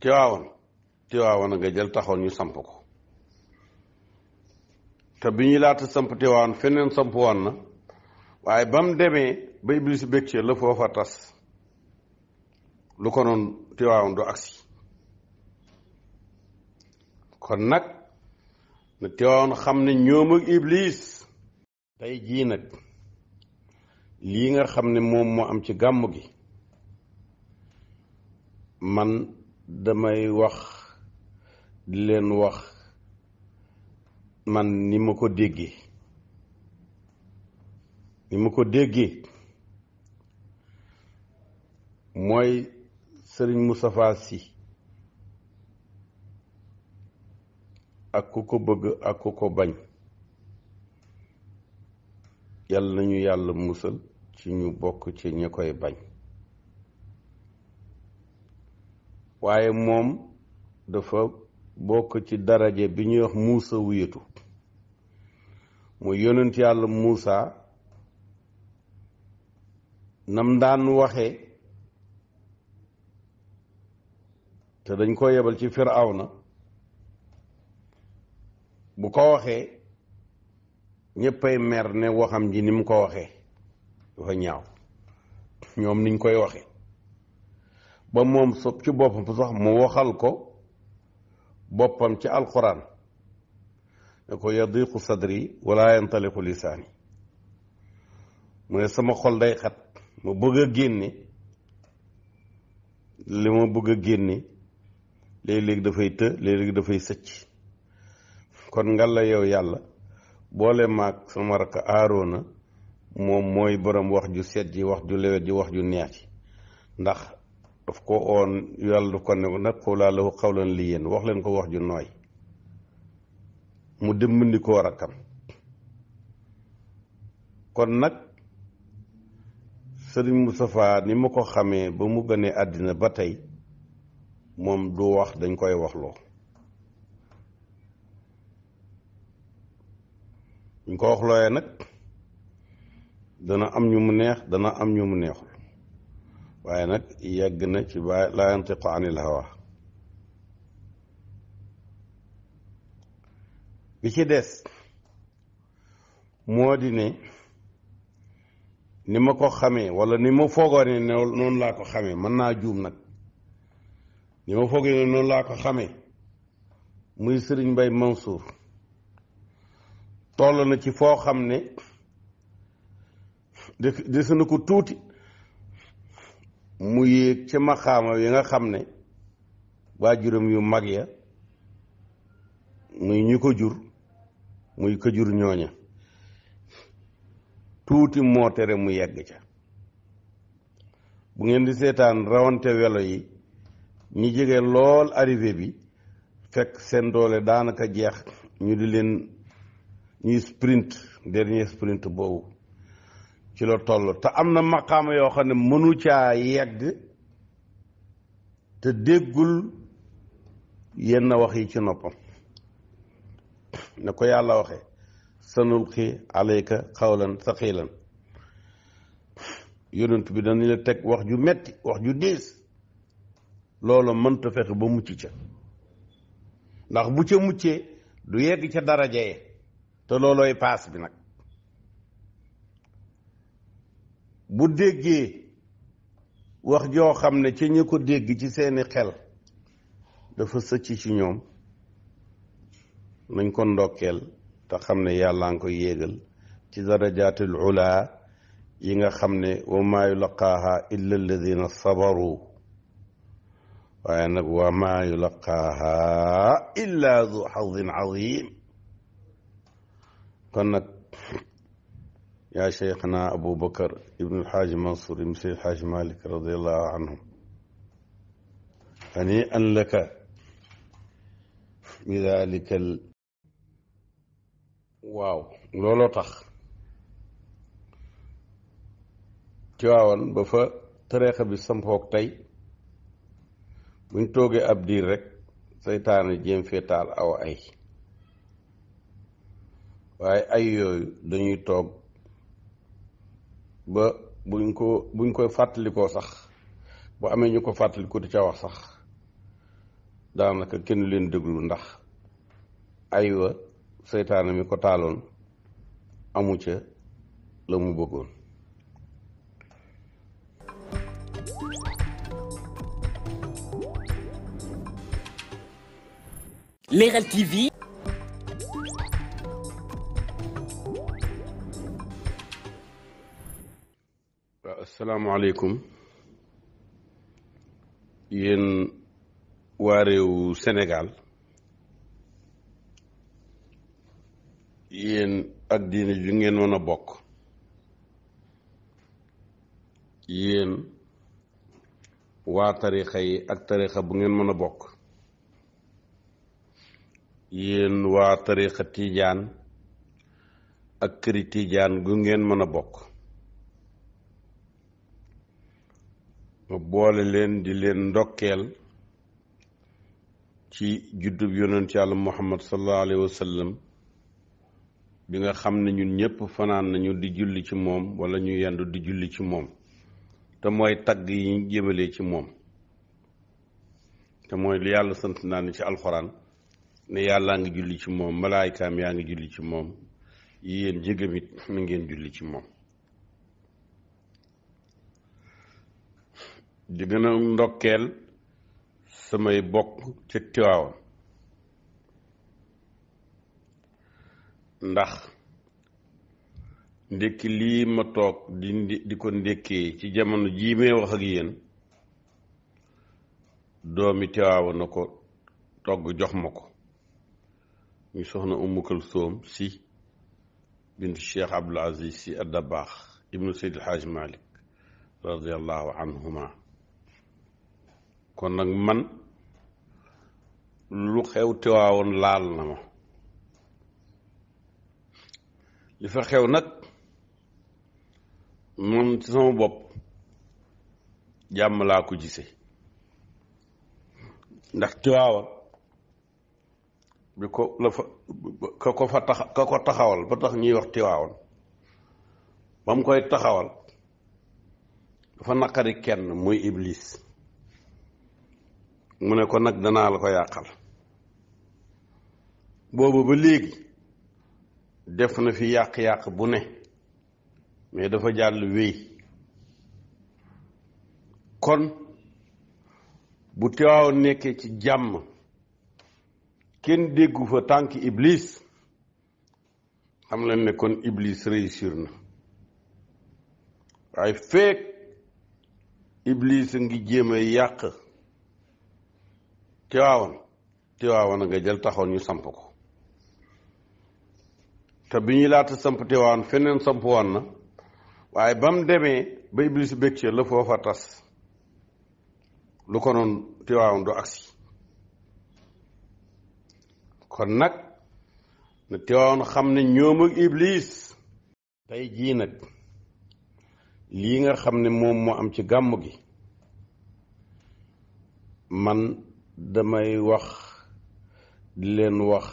tiwaawan tiwaawan a nga jël taxoon ñu samp ko te bi ñuy laata samp tiwaawan feneen samp woon na waaye ba mu demee ba iblis béccee la foofa tas lu ko noonu tiwaawan du agsi kon nag na tiwaawan xam ne ñoom ak tey jii nag lii nga xam ne moom moo am ci gàmmu gi man damay wax di leen wax man ni ma ko déggee ni ma ko déggee mooy sëriñ Moustapha Sy ak ku ko bëgg ak ku ko bañ yàlla nañu yàlla musal ci ñu bokk ci ña koy bañ waaye moom dafa bokk ci daraje bi ñuy wax muusa wiyatu mooy yonent yàlla muusa nam daan waxe te dañ ko yebal ci na bu ko waxee ñëppay mer ne waxam ji ni mu ko waxee dafa ñaaw ñoom niñ koy waxee ba moom sopp ci boppam sax mu waxal ko boppam ci alquran ne ko yadiqu sadri wala yantaliqu yi mu ne sama xol day xat ma bëgg a génne li ma bëgg a génne léeg-léeg dafay të léeg-léeg dafay sëcc kon nga la yow yàlla boole maag sama rakk aaroona moom mooy borom wax ju set ji wax ju lewet ji wax ju neex ji ndax daf ko oon yàlla du ko ne nag qulaa lahu qawlan layyinan wax leen ko wax ju nooy mu dimbandikoo rakkam kon nag sëriñ Moustapha ni ma ko xamee ba mu gënee àddina ba tey moom du wax dañ koy waxloo ñu ko waxlooyee nag dana am ñu mu neex dana am ñu mu neexul waaye nag yegg na ci ba laa yantiqu anil hawa bi ci des moo di ne ni ma ko xamee wala ni ma foogoo ne noonu laa ko xamee mën naa juum nag ni ma foogee laa ko xamee muy sëriñ Mbay Mansour toll na ci foo xam ne des na ko tuuti mu yéeg ca maxaama yi nga xam ne waa waajuram yu mag ya muy ñi ko jur muy ko jur ñooña tuuti moo tere mu yegg ca bu ngeen di seetaan rawante welo yi ñi jege lool arrivé bi fekk seen doole daanaka jeex ñu di leen ñuy sprint dernier sprint boobu ci la toll te am na maqaama yoo xam ne mënu caa yegg te déggul yenn wax yi ci noppam ne ko yàlla waxe sanulqi alayka xawlan saqilan yonent bi dañu la teg wax ju metti wax ju diis loolu mënta fexe ba mucc ca ndax bu ca muccee du yegg ca daraja ye te loolooy paas bi nag bu déggee wax joo xam ne ci ñi ko dégg ci seeni xel dafa sëcc ci ñoom nañ ko ndokkeel te xam ne yàllaa ngi koy yéegal ci darajaatil ula yi nga xam ne wa ma yulaqaaha illa alladina sabaru waaye nag wa maa yulaqaaha illa du kon nag yaa cheikhana aboubacar ibnu alxaaji mansour ibnu seydi alxaaji malik radiallahu anhum hani an laka bi dalikal waaw looloo tax ci waawan ba fa tariixa bi sampoog tey buñ toogee ab diir rek seytaane jéem fee taal aw ay waaye ay yooyu dañuy toog ba buñ ko buñ koy fàttalikoo sax bu amee ñu ko fàttalikoo di ca wax sax daanaka kenn leen déglu ndax aywa seytaane mi ko taaloon amu ca la mu bëggoon salaamualeykum yéen waa réewu Sénégal yéen ak diine ju ngeen mën a bokk yéen waa tarixa yi ak tarixa bu ngeen mën a bokk yéen waa tarixa tiijaan ak këri tiijaan gu ngeen mën a bokk ma boole leen di leen ndokkeel ci juddub yonent yàlla muhammad sallallahu alayhi wa bi nga xam ne ñun ñëpp fanaan nañu di julli ci moom wala ñu yendu di julli ci moom te mooy tagg yi ñu jëmalee ci moom te mooy lu yàlla sant naa ne ci alxuraan ne yàlla ngi julli ci moom malaayikaam yaa ngi julli ci moom yéen jëgam it na ngeen julli ci moom di gën a ndokkeel samay bokk ca Tiwaawan ndax ndékki lii ma toog di di ko ndékkee ci jamono jii may wax ak yéen doomi Tiwaawan na ko togg jox ma ko ñu soxna Umu Kalsoom si bintu Cheikh Abdul Aziz si Addabaax ibnu Seydil Haaj Malik radiallahu anhuma kon nag man lu xew tiwaawoon laal na ma li fa xew nag moom ci sama bopp jàmm laa ko gise ndax tiwaawoon bi ko la fa ka ko fa tax ka ko taxawal ba tax ñuy wax tiwaawoon ba mu koy taxawal dafa naqari kenn muy iblis mu ne ko nag danaa la ko yàqal boobu ba léegi def na fi yàq-yàq bu ne mais dafa jàll wéy kon bu teewaaw nekkee ci jàmm kenn déggu fa tànk iblis xam leen ne kon iblis réussir na waaye feek iblis a ngi jéem a yàq tiwaawan tiwaawan a nga jël taxoon ñu samp ko te bi ñuy laata samp tiwaawan feneen samp woon na waaye ba mu demee ba iblis bëgg la foofa tas lu ko noonu tiwaawan du agsi kon nag na tiwaawan xam ne ñoom ak iblis tey jii nag lii nga xam ne moom moo am ci gàmmu gi man damay wax di leen wax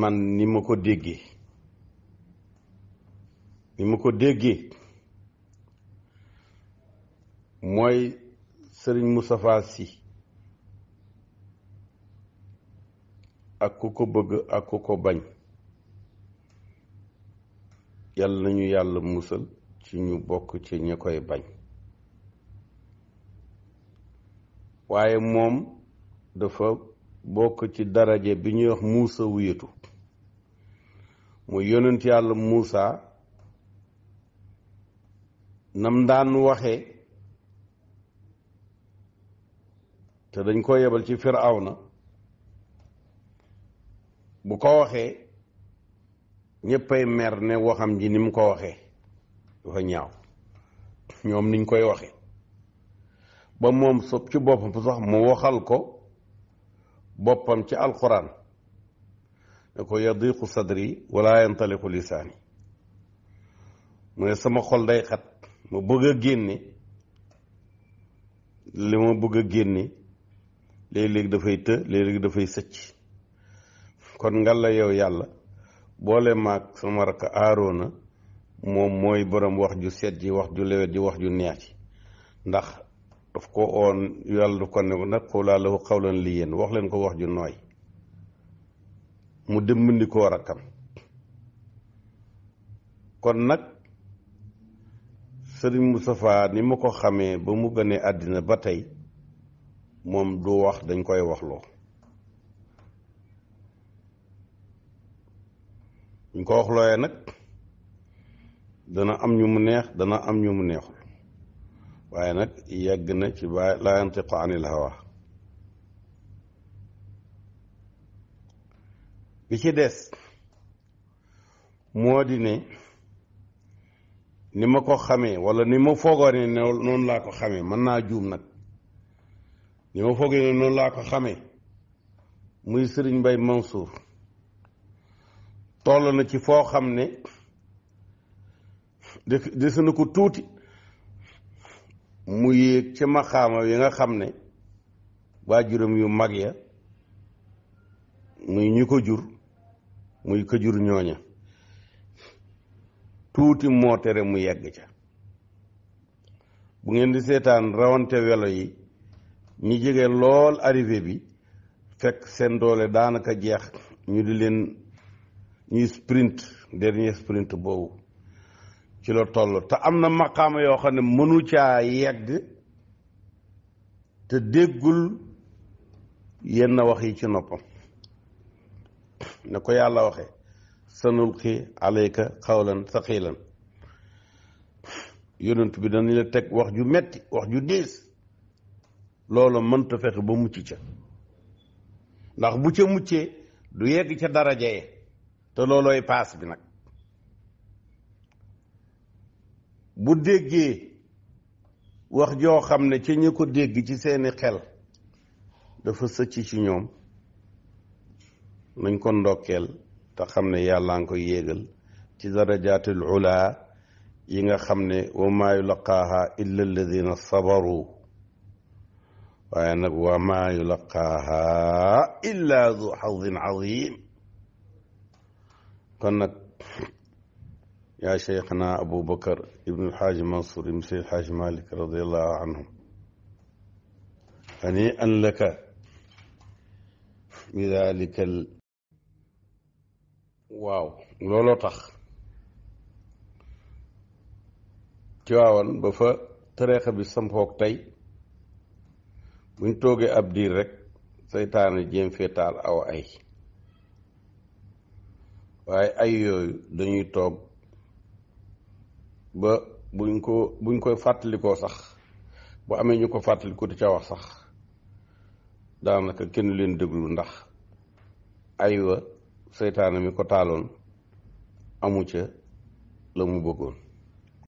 man ni ma ko déggee ni ma ko déggee mooy sëriñ mu Sy ak ku ko bëgg ak ku ko bañ yàlla nañu yàlla musal ci ñu bokk ci ñi koy bañ waaye moom dafa bokk ci daraje bi ñuy wax muusa wiyatu muy yonent yàlla muusa nam daan waxe te dañ ko yebal ci na bu ko waxee ñëppay mer ne waxam ji ni mu ko waxee dafa ñaaw ñoom niñ koy waxee ba moom sob ci boppam sax mu waxal ko boppam ci alxuraan ne ko yadiqu sadri wala yantaliqu yi mu ne sama xol day xat ma bëgg a génne li ma bëgg a génne léeg-léeg dafay të léeg-léeg dafay sëcc kon ngalla yow yàlla boole maag sama rakk aaroona moom mooy borom wax ju set ji wax ju lewet ji wax ju neex ji ndax daf ko oon yàlla du ko ne nag qulaa lahu qawlan layyinan wax leen ko wax ju nooy mu dem ni rakkam kon nag sëriñ Moustapha ni ma ko xamee ba mu gënee àddina ba tey moom du wax dañ koy waxloo ñu ko waxlooyee nag dana am ñu mu neex dana am ñu mu neexul waaye nag yegg na ci ba laa yantiqu anil hawa bi ci des moo di ne ni ma ko xamee wala ni ma foogoo ne noonu laa ko xamee mën naa juum nag ni ma foogee ne noonu laa ko xamee muy Sëriñ Mbay Mansour toll na ci foo xam ne des na ko tuuti mu yéeg ca maxaama yi nga xam ne waa waajuram yu mag ya muy ñi ko jur muy ko jur ñooña tuuti moo tere mu yegg ca bu ngeen di seetaan rawante welo yi ñi jege lool arrivé bi fekk seen doole daanaka jeex ñu di leen ñuy sprint dernier sprint boobu ci la toll te am na maqaama yoo xam ne mënu caa yegg te déggul yenn wax yi ci noppam ne ko yàlla waxe sanulqi alayka xawlan saqilan yonent bi dañu la teg wax ju metti wax ju diis loolu mënta fexe ba mucc ca ndax bu ca muccee du yegg ca daraja ye te loolooy paas bi nag bu déggee wax joo xam ne ci ñi ko dégg ci seeni xel dafa sëcc ci ñoom nañ ko ndokkeel te xam ne yàllaa ngi ci yéegal ci darajaatil ula yi nga xam ne wa maa yulaqaaha illa alladina sabaru waaye nag wa maa yulaqaaha illa du xadin azim kon nag yaa cheikhna aboubacar ibnu alxaaji mansour ibnu seydi alxaaji malik radiallahu anhum hani an laka bi dalikal waaw looloo tax ci waawan ba fa tariixa bi sampoog tey buñ toogee ab diir rek seytaane jéem feetaal aw ay waaye ay yooyu dañuy toog ba buñ ko buñ koy fàttalikoo sax bu amee ñu ko fàttalikoo di ca wax sax daanaka kenn leen déglu ndax aywa seytaane mi ko taaloon amu ca la mu bëggoon